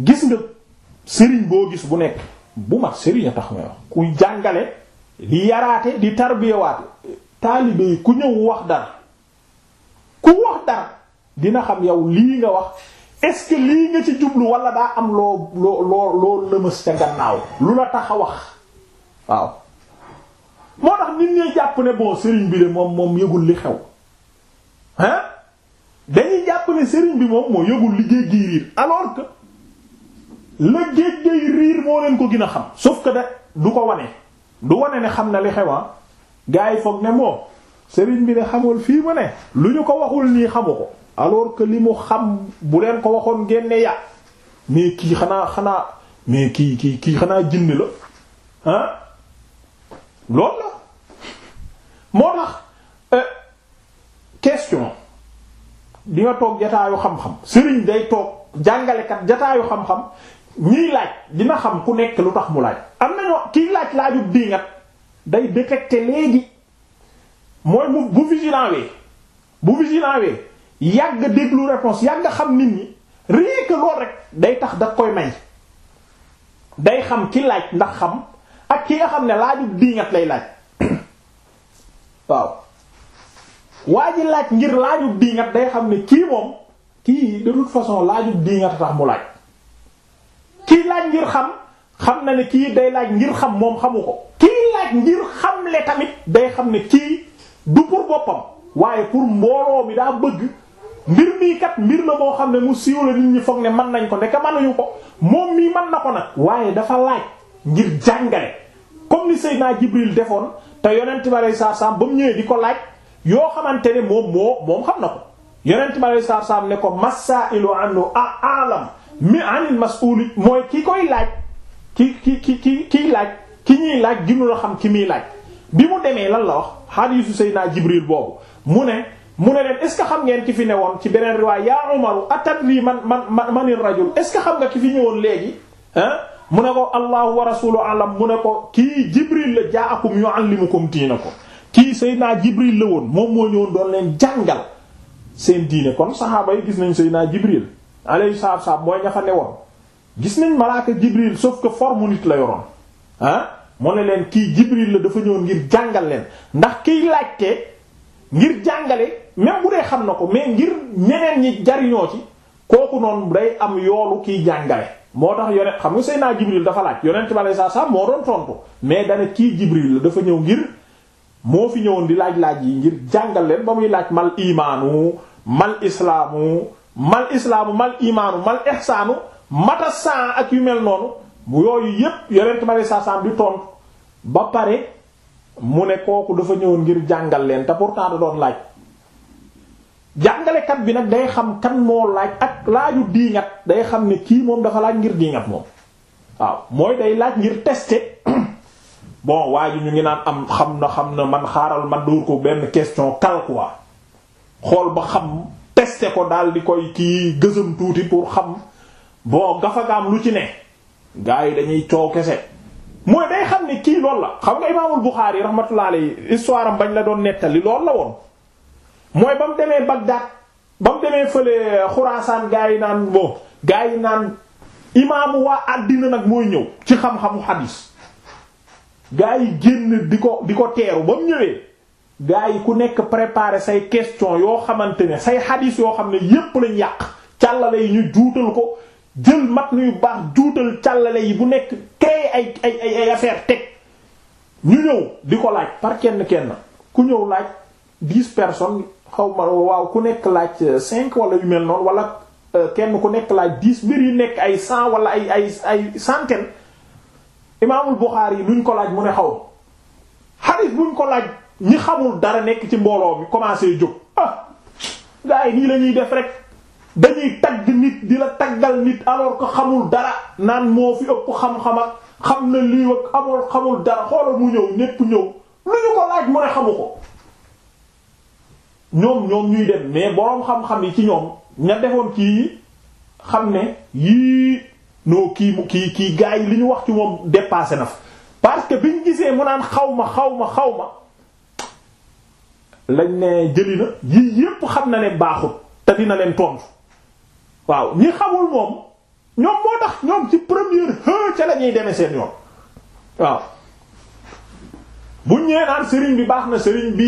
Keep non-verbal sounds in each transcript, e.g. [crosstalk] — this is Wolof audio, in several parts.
gis nga sëriñ boo gis bu nekk bu mag sëriñ a tax may wax kuy jàngale di yaraate di tarbiyawaate taalibe yi ku ñëw wax dara ku wax dara dina xam yow lii nga wax est-ce lii nga ci jublu wala daa am loo loo lëmës ca gannaaw lu la tax wax waaw moo tax nit ñi jàpp ne bon sëriñ bi de moom moom yëgul li xew hein dañuy jàpp ne sëriñ bi moom moo yëgul liggéey giiriir alors que la géej day riir moo leen ko gin a xam sauf que da du ko wane du wane ne xam na li xewa ah. gars yi foog ne moom sëriñ bi ne xamul fii mu ne lu ñu ko waxul nii xamu ko alors que li mu xam bu leen ko waxoon génne ya mais kii xanaa xanaa mais kii kii kii xanaa jinne la ah loolu la moo tax euh, question di nga toog jataayu xam-xam sëriñ day toog jàngalekat jataayu xam-xam ñiy laaj dina xam ku nekk lu tax mu laaj am nañu kiy laaj laajub diingat day détecter léegi mooy mu bu vigilant wee bu vigilant yàgg déglu réponse yàgg xam nit ñi rien lool rek day tax da koy may day xam ki laaj ndax xam ak ki nga xam ne laajub diingat lay laaj [coughs] waaw waa ji laaj ngir laajub diingat day xam ne kii moom kii de toute façon laajub diingat tax mu laaj kii laaj ngir xam xam na ne kii day laaj ngir xam moom xamu ko kii laaj ngir xamle tamit day xam ne kii du pour boppam waaye pour mbooloo mi daa bëgg mbir mii kat mbir na boo xam ne mu siiw la nit ñi foog ne mën nañ ko ndeke mënuñu ko moom mii mën na ko nag waaye dafa laaj ngir jàngale comme ni Seydina Jibril defoon te yonent bi alayhi salaam ba mu ñëwee di ko laaj yoo xamante ne moom moo moom xam na ko yonent bi alayhi salaam ne ko masailu anu aalam mi anil mas'ul mooy ki koy laaj ki ki ki ki kiy laaj ki ñuy laaj ginu la xam ki muy laaj bi mu demee lan la wax hadiisu naa Jibril boobu mu ne mu ne leen est ce que xam ngeen ki fi woon ci beneen riwaay yaa Umaru atadri man man manil rajul est ce que xam nga ki fi ñëwoon léegi mu ne ko allahu wa rasulu alam mu ne ko kii Jibril la jaa li mu yuallimukum diinakum kii Seydina Jibril la woon moom moo ñëwoon doon leen jàngal seen diine kon saxaaba yi gis nañ Seydina Jibril alayhi salaatu salaam mooy ña fa newoon gis nañ malaaka Jibril sauf que forme nit la yoroon ah mu ne leen kii Jibril la dafa ñëw ngir jàngal leen ndax kiy laajte ngir jàngale même bu dee xam na ko mais ngir ñeneen ñi jariñoo ci kooku noonu day am yoolu kii jàngale moo tax yonent xam nga Seydina Jibril dafa laaj yonent bi alayhi salaatu salaam moo doon tontu mais dana kii Jibril la dafa ñëw ngir moo fi ñëwoon di laaj laaj yi ngir jàngal leen ba muy laaj mal imaanu mal islaamu mal islaamu mal imaanu mal ihsaanu mata san ak yu mel noonu bu yooyu yépp yonent ma saa san di tontu ba pare mu ne kooku dafa ñëwoon ngir jàngal leen te pourtant da doon laaj jàngalekat bi nag day xam kan moo laaj ak laaju diingat day xam ne kii moom dafa laaj ngir diingat moom waaw mooy day laaj ngir tester [coughs] bon waa ñu ngi naan am xam na xam na man xaaral man dóor ko benn question kal xool ba xam teste ko daal di koy kii gësam tuuti pour xam boo gafagaam lu ci ne gars yi dañuy coow kese mooy day xam ne kii loolu la xam nga imaamul Buxaari rahmatullah alayhi histoire am bañ la doon nettali loolu la woon mooy ba mu demee Bagdad ba mu demee fële Xuraasaan gars yi naan bo gaa yi naan imaamu waa àddina nag mooy ñëw ci xam-xamu xadiis gars yi génn di ko di ko teeru ba mu ñëwee gaa yi ku nekk préparer say question yoo xamante ne say xadiis yoo xam ne yépp lañ yàq càllale yi ñu juutal ko jël mat nuy baax juutal càllale yi bu nekk créer ay ay ay teg ñu ñëw di ko laaj par kenn kenn ku ñëw laaj dix personnes xaw ma waaw ku nekk laaj cinq walla yu mel noonu wala euh, kenn ku nekk laaj dix mbir yu nekk ay cent wala ay ay ay centaine imaamul Buxaari yi luñ ko laaj mu ne xaw xadiis buñ ko laaj ñi xamul dara nekk ci mbooloo mi commencé jóg ah nii lañuy def rek dañuy tagg nit di la taggal nit alors que xamul dara naan moo fi ëpp xam-xam ak xam na lii ak xamul xamul dara xoolal mu ñëw ñépp ñëw lu ñu ko laaj mu ne xamu ko ñoom ñoom ñuy dem mais boroom xam-xam yi ci ñoom ña defoon kii xam ne yii noo kii mu kii kii gars yi li ñu wax ci moom dépassé na fa parce que biñ gisee mu naan xaw ma xaw ma xaw ma. lañ ne jëli na yii yépp xam na ne baaxut te dina leen tontu waaw ñi xamul moom ñoom moo tax ñoom ci première heure ca lañuy ñuy demee seen yoon waaw buñ ñëwee naan sëriñ bi baax na sëriñ bi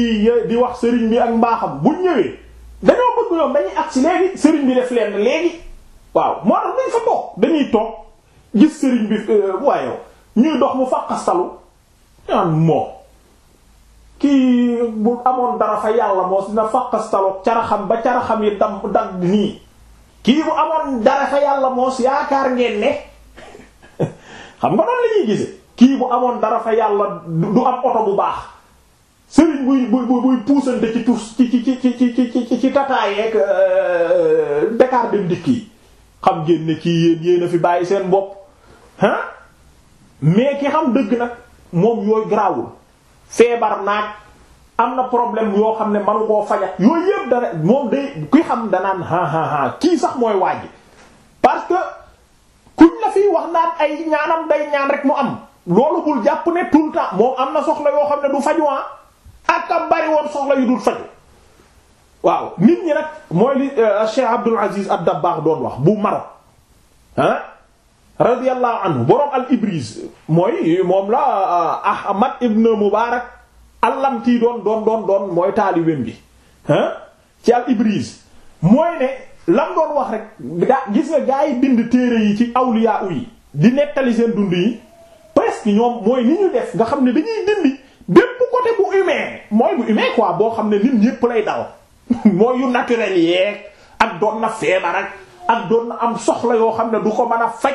di wax sëriñ bi ak mbaaxam buñ ñëwee dañoo bëgg dañuy agsi léegi sëriñ bi def leen léegi waaw moo tax dañ fa toog dañuy toog gis sëriñ bi euh, waaye ñuy dox mu fàqastalu ñaan moo kii bu amoon dara fa yàlla moos dina faqastaloog xam ba caraxam yi dam dagg nii kii bu amoon dara fa yàlla moos yaakaar ngeen ne xam nga noonu la ñuy gise kii bu amoon dara fa yàlla du am oto bu baax sëriñ buy buy buy puusante ci tuus ci ci ci ci ci ci tataayeeg euh, Dakar dem dikk yi xam ngeen ne kii yéen yéen a fi bàyyi seen bopp ah mais ki xam dëgg nag moom yooyu garaawul feebar naag am na problème yoo xam ne manu koo fajat yooyu yëpp dana moom day kuy xam danaan ha ha ha kii sax mooy waaj parce que kuñ la fi wax naan ay ñaanam day ñaan rek mu am loolu bul jàpp ne tout le moom am na soxla yoo xam ne du faju ah ak a bari woon waaw nit ñi nag mooy li euh, Cheikh Abdul Aziz ad doon wax bu Maroc ah radiyallahu anhu boroom al Ibriz mooy moom la ah, Ahmad ibn Mubarak allamtii doon doon doon doon mooy taalibeem bi ci al Ibriz mooy ne lam doon wax rek gis nga gaa yi bind téere yi ci awliya yi di nettali seen dund yi presque ñoom mooy ni ñu def nga xam ne dañuy dindi bépp côté bu humain mooy bu humain quoi boo xam ne nit ñépp lay dal [laughs] mooy yu naturel yeeg ak doon na feebar ak doon na am soxla yoo xam ne du ko mën a faj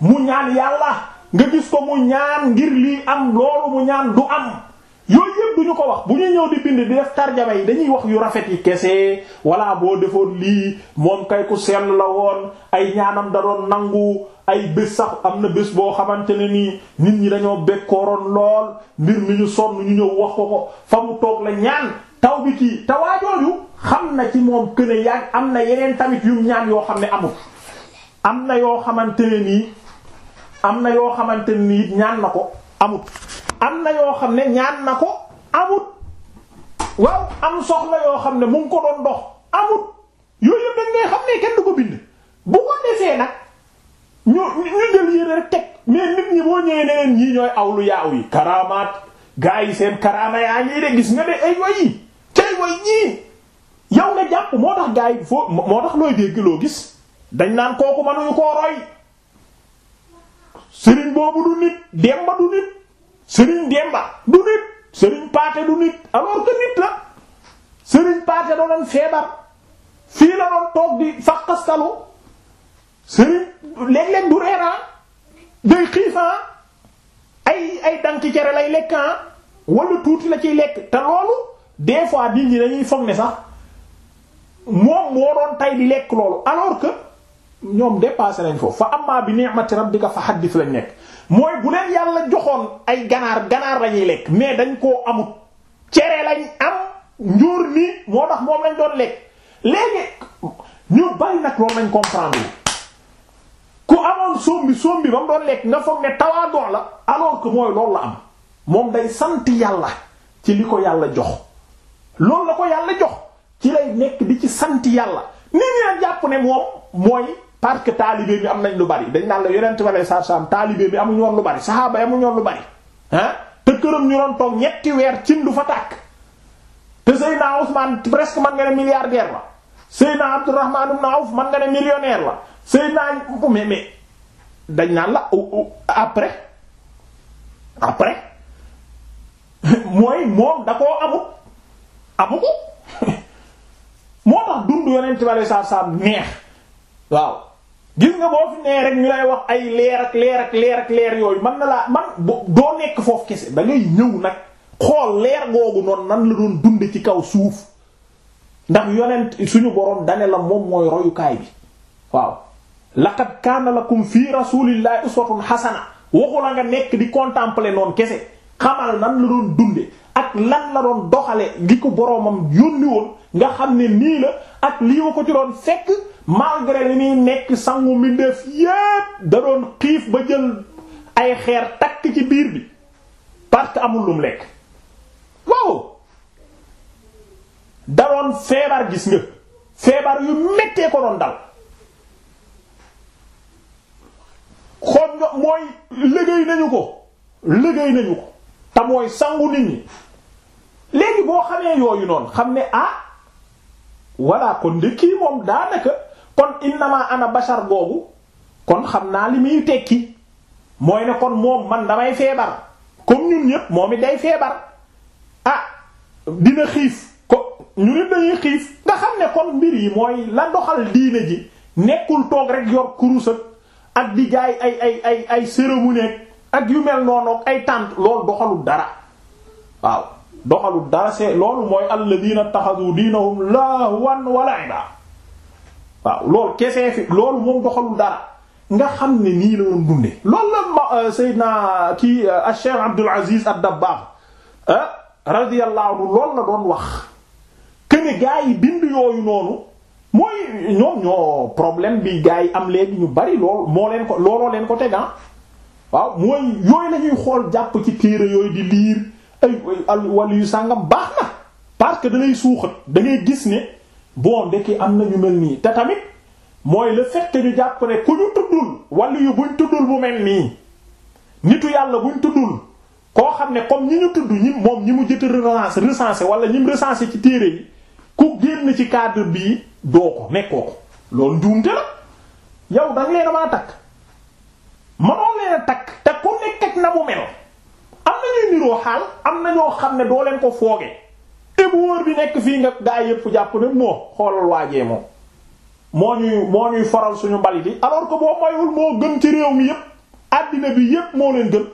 mu ñaan yàlla nga gis ko mu ñaan ngir lii am loolu mu ñaan du am yooyu yëpp duñu ko wax bu ñuy ñëw di bind di def tarjama yi dañuy wax yu rafet yi kese walla boo defoon lii moom kay ku sell la woon ay ñaanam da doon nangu ay bés sax am na bés boo xamante ne nii nit ñi dañoo bekkooroon lool mbir mi ñu sonn ñu ñëw wax ko ko fa mu toog la ñaan taw bi kii tawaajooju xam na ci moom këne yaag am na yeneen tamit yum ñaan yoo xam ne amul am na yoo xamante am na yoo xamante ni it ñaan na ko amut am na yoo xam ne ñaan na ko amut waaw am soxla yoo xam ne mu ngi ko doon dox amut yooyu yëpp dañ ko bind bu ko defee nag ñu ñu jël yére rek teg yi seen karama yaa gis ay way yi tey way jàpp moo tax gaa yi foo gis dañ naan kooku mënuñu koo roy sëriñ boobu du nit demba du nit sëriñ demba du nit sëriñ paate du nit alors que nit la sëriñ paate da doon feebar fii la doon toog di fàqastalu sëriñ léeg-léeg du reeraa ah, day xiifaa ah, ay ay danki cere lay lekkaa ah, wala tuuti la ciy lekk te loolu des fois nit ñi dañuy ne sax moom moo doon tay di lekk loolu alors que ñoom dépassé lañ foofu fa amma bi ni'mati rabbika fa haddith lañ nekk mooy bu leen yàlla joxoon ay ganaar ganaar lañuy lekk mais dañ koo amut cere lañ am njuur nii moo tax moom lañ doon lekk léegi ñu bari nag loolu lañ comprendre ku amoon sombi sombi ba mu doon lekk nga foog ne tawaadoo la alors ko mooy loolu la am moom day sant yàlla ci li ko yàlla jox loolu la ko yàlla jox ci lay nekk di ci sant yàlla nit ñi nag jàpp ne moom mooy parce que taalibe bi am nañ lu bari dañ naan la yonent bi alayhi salaatu salaam taalibe bi amuñu woon lu bari saxaaba yi amuñu woon lu bari ah te këram ñu doon ñetti weer cin du fa tàkk te Seydina Ousmane presque man nga ne milliardaire la Seydina Abdourahman ibn Awf man nga ne millionnaire la Seydina mais mais dañ naan la après après [laughs] mooy moom da koo amut amu [laughs] moo tax dund yonent bi alayhi salaatu salaam neex gis nga boo fi nee rek ñu lay wax ay leer ak leer ak leer yooyu man na laa man doo nekk foofu kese da ngay ñëw nag xool leer googu noonu nan la doon dunde ci kaw suuf ndax yonent suñu boroom dane la moom mooy royukaay bi waaw laqad kaana lakum fii rasulillahi uswatun hasana waxu la nga nekk di contempler noonu kese xamal nan la doon dunde ak lan la doon doxale li ko boroomam yónni woon nga xam ne nii la ak lii wa ko ci doon fekk malgré li muy nekk sangu mi def yépp da doon xiif ba jël ay xeer takk ci biir bi parce que amul lum lekk waaw da doon feebar gis nga feebar yu méttee ko doon dal xool mooy liggéey nañu ko liggéey nañu ko te mooy sangu nit ñi léegi boo xamee yooyu noonu xam ne ah walla kon de kii moom daanaka kon innama ana bashar googu kon xam naa li muy tekki mooy ne kon moom man damay feebar comme ñun ñépp moom it day feebar ah dina xiif ko ñu ne dañuy xiif nga xam ne kon mbir yi mooy la doxal diine ji nekkul toog rek yor kurus ak di jaay ay ay ay ay cérémonie ak yu mel noonu ay tànt loolu doxalul dara waaw doxalul dara c'est loolu mooy alladina taxadu diinahum lahwan wa la'iba waaw loolu kese fi loolu moom doxalul dara nga xam ni nii la doon dunde loolu la euh, Seydina kii euh, Cheikh Abdul Aziz ad-Dabbagh euh, radiyallahu anhu loolu la doon wax këne gaa yi bind yooyu noonu mooy ñoom ñoo problème bi gaa yi am léegi ñu bari lool moo leen ko looloo leen ko tegan ah. waaw mooy yooyu lañuy xool jàpp ci téere yooyu di liir ay wàllu yu sàngam baax na parce que da ngay suuxat da gis ne bon ndekki am na ñu mel nii te tamit mooy la fait que ñu jàpp ne ku ñu tuddul wala yu buñ tuddul bu mel nii nitu yàlla buñ tuddul koo xam ne comme ñi ñu tudd ñi moom ñi mu jëta recense recensé wala ñi mu ci téere yi ku génn ci cadre bii doo ko nekkoo ko loolu njuumte la yow danga leen damaa takk mënoon leen a takk te ku nekk ak na mu mel am na ñuy niroo xaal am na ñoo xam ne doo leen ko foogee te bu bi nekk fii nga gaa yépp jàpp ne moo xoolal waajee moom moo ñuy moo ñuy faral suñu mbalit yi alors que boo mayul moo gën ci réew mi yépp àddina bi yépp moo leen gën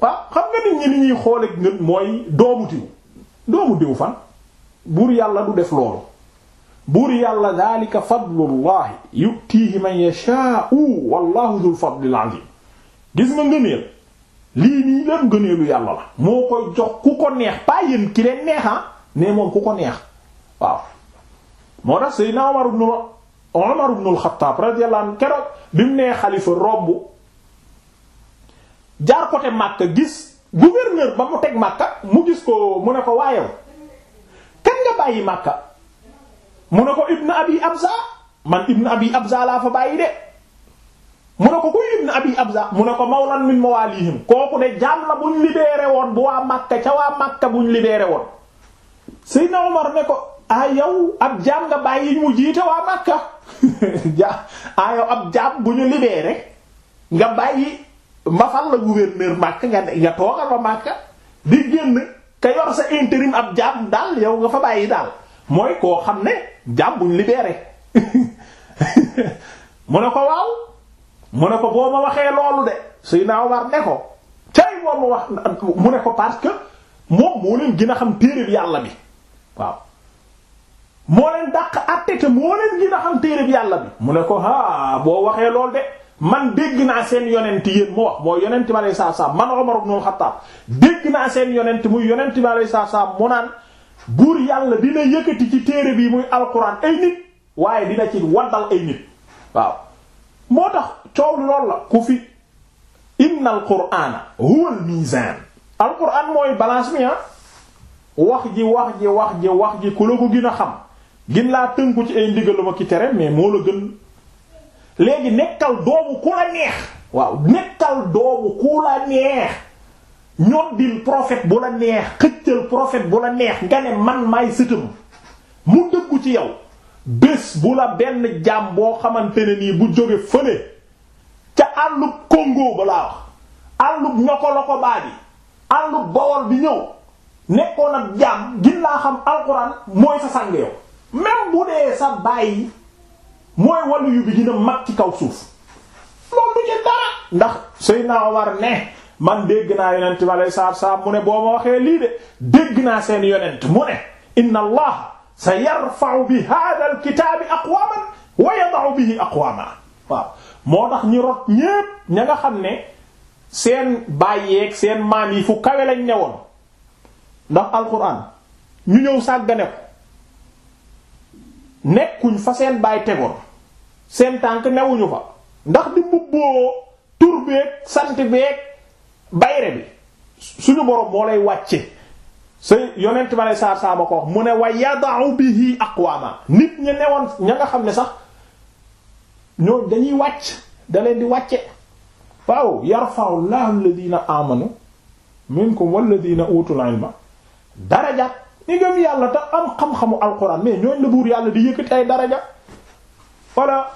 waaw xam nga nit ñi ni ñuy xoolee ngën mooy doomu diw doomu diw fan buur yàlla du def loolu buur yàlla daalika fadlullahi yutihi man yashaa'u wallahu dhul fadlil azim gis nga ngëneel lii nii leen gëneelu yàlla la moo koy jox ku ko neex pas yéen ki leen neexaa ah, mais moom ku ko neex waaw moo tax Seydina Omar ibn Omar ibn al-Khattab radiyallahu anhu keroog bi mu nee xalifa robb jaar côté Makka gis gouverneur ba mu teg Makka mu gis ko mu ne ko waayew kan nga bàyyi Makka mu ne ko Ibn Abi Abza man Ibn Abi Abza laa fa bàyyi de mu ne ko ku ibn abi abza mu ne ko mawlan min mawalihim kooku ne jaam la buñ libéré woon bu waa Makka ca waa Makka buñ libéré woon Seydina Umar ne ko ah yow ab jaam nga bàyyi mu jiite waa Makka [laughs] ja ah bu ñu libéré nga bàyyi ma fal la gouverneur Makka nga nga toogal ba Makka di génn ka yor sa intérim ab jaam daal yow nga fa bàyyi daal mooy koo xam ne jaam buñ libéré [laughs] mu ne ko waaw mu ne ko boo ma waxee loolu de Seydina Omar ne ko tey boo ma wax mu ne ko parce que moom moo leen gën a xam téereb yàlla bi waaw moo leen dàq àtte te moo leen gën a yàlla bi mu ne ko haa boo waxee loolu de man dégg naa seen yonent yéen mu wax mooy yonent bi alayhi salaam man Omar ibn al-Khattab dégg naa seen yonent muy yonent bi alayhi saab mu naan buur yàlla dina yëkkati ci téere bi muy alquran ay nit waaye dina ci waddal ay nit waaw moo tax coow loolu la ku fi inna al qur'ana huwa al mizan al qur'an mooy ah. wax ji wax ji wax ji wax ji ku la ko gën a xam gin laa tënku ci ay ndigaluma ki tere mais moo la gën léegi nekkal doomu ku la neex waaw nekkal doomu ku la neex ñoddil prophète bu la neex xëccal prophète bu la neex nga ne man maay sëtam mu dëggu ci yow bés bu la benn jaam boo xamante ne nii bu jóge fële ca àllub Congo ba laa wax àllub ñoko loko baa bi àllub Bawol bi ñëw nekkoon ak jaam gin laa xam alxuraan mooy sa sàng yow même bu dee sa bàyyi mooy wàllu yu bi dina mag ci kaw suuf moom du ci dara ndax Seydina Omar ne man dégg naa yonent bi alei salaatu salaam mu ne boo ma waxee lii de dégg naa seen yonent mu ne inna allah sa yarfa'u bi hadha alkitaabi aqwaman wa yada'u bihi aqwaman waaw moo tax ñi rot ñépp ña nga xam ne seen bàyyeeg seen maam yi fu kawe lañ newoon ndax alquran ñu ñëw sàggane ko nekkuñ fa seen baay tegoon seen tànk newuñu fa ndax di mbubboo tur sant beeg bayre bi suñu boroom moo lay wàcce sa yonent ma lay saar saaba ko mu ne wa yada'u ak aqwama nit ñi newoon ña nga xam ne sax ñooñ dañuy wàcc da leen di wàcce waaw yarfa'u llahu alladhina amanu minkum walladhina utul ilma daraja ñi gëm yàlla te am xam-xamu alquran mais ñooñ la buur yàlla di yëkkati ay daraja wala